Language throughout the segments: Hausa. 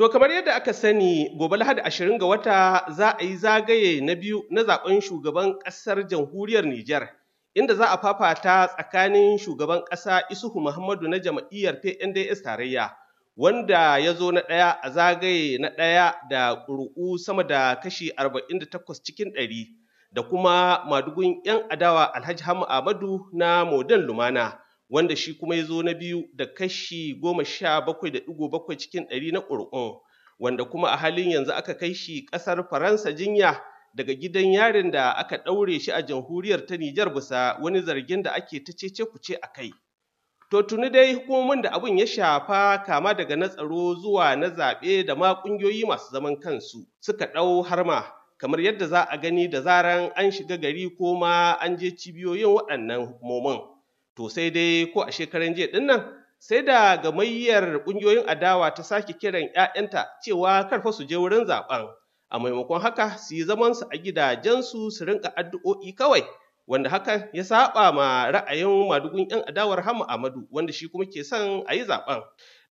To kamar yadda aka sani gobe Lahadi ashirin ga wata za a yi zagaye na biyu na zaben shugaban ƙasar jamhuriyar Nijar inda za a fafata tsakanin shugaban ƙasa Isuhu Muhammadu na jam'iyyar PNDS tarayya wanda ya zo na ɗaya a zagaye na ɗaya da ƙuri'u sama da kashi 48 cikin ɗari, da kuma madugun 'yan adawa Alhaji Hamu Ahmadu na Modern Lumana. wanda shi kuma ya zo na biyu da kashi goma sha bakwai da ɗigo bakwai cikin ɗari na ƙuri'un wanda kuma a halin yanzu aka kai shi ƙasar faransa jinya daga gidan yarin da aka ɗaure shi a jamhuriyar ta nijar bisa wani zargin da ake ta cece kuce a kai to tuni dai hukumomin da abin ya shafa kama daga na tsaro zuwa na zaɓe da ma ƙungiyoyi masu zaman kansu suka ɗau harma kamar yadda za a gani da zaran an shiga gari ko ma an je cibiyoyin waɗannan hukumomin To sai dai ko a shekaran jiya ɗin nan sai da gamayyar ƙungiyoyin adawa ta sake kiran 'ya'yanta cewa karfa su je wurin zaɓen. A maimakon haka su yi zaman su a gidajensu su rinka addu'o'i kawai wanda hakan ya saɓa ma ra'ayin madugun 'yan adawar Hamma Ahmadu, wanda shi kuma ke son a yi zaɓen.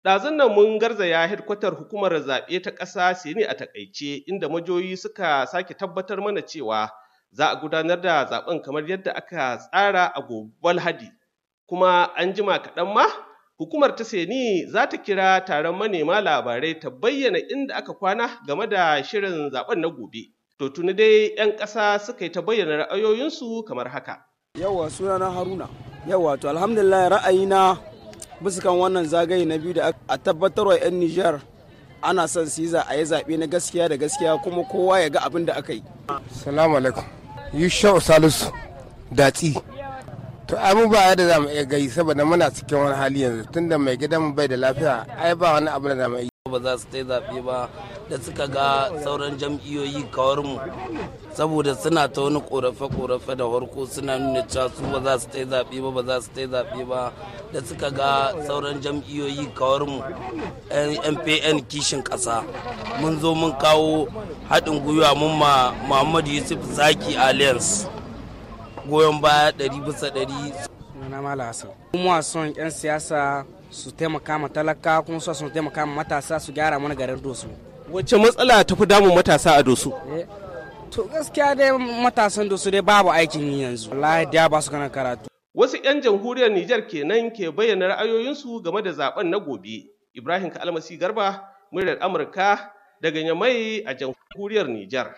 Ɗazun nan mun garzaya hedkwatar hukumar zaɓe ta ƙasa Sini a taƙaice, inda majoyi suka sake tabbatar mana cewa za a gudanar da zaɓen kamar yadda aka tsara a gobe Lahadi. kuma an jima kaɗan ma hukumar ta seni za ta kira taron manema labarai ta bayyana inda aka kwana game da shirin zaben na gobe to tuni dai 'yan ƙasa suka yi ta bayyana ra'ayoyinsu kamar haka yawa sunana haruna yawa to alhamdulillah ra'ayina bisa kan wannan zagaye na biyu da a tabbatar wa 'yan nijar ana son su yi a yi zaɓe na gaskiya da gaskiya kuma kowa ya ga abin da aka yi. Salamu alaikum. Yusha Salisu Datsi to ai mu ba yadda zamu iya gai saboda muna cikin wani hali yanzu tunda mai gidan mu bai da lafiya ai ba wani abu da mu yi ba za su ta zaɓe ba da suka ga sauran jam'iyyoyi kawar mu saboda suna ta wani korafe-korafe da harko suna nuna cewa su ba za su ta zaɓe ba ba za su ta zaɓe ba da suka ga sauran jam'iyyoyi kawar mu mpn kishin ƙasa mun zo mun kawo haɗin gwiwa mun ma muhammadu yusuf zaki alliance goyon baya ɗari bisa ɗari. Nuna Mala Hassan. Kuma son 'yan siyasa su taimaka ma talaka kuma su su taimaka ma matasa su gyara mana garin Dosu. Wacce matsala ta fi damun matasa a Dosu? Eh, to gaskiya dai matasan Dosu dai babu aikin yi yanzu. Wallahi da ba su kana karatu. Wasu 'yan jamhuriyar Nijar kenan ke bayyana ra'ayoyinsu game da zaben na gobe. Ibrahim Kalmasi Garba, muryar Amurka daga Yamai a jamhuriyar Nijar.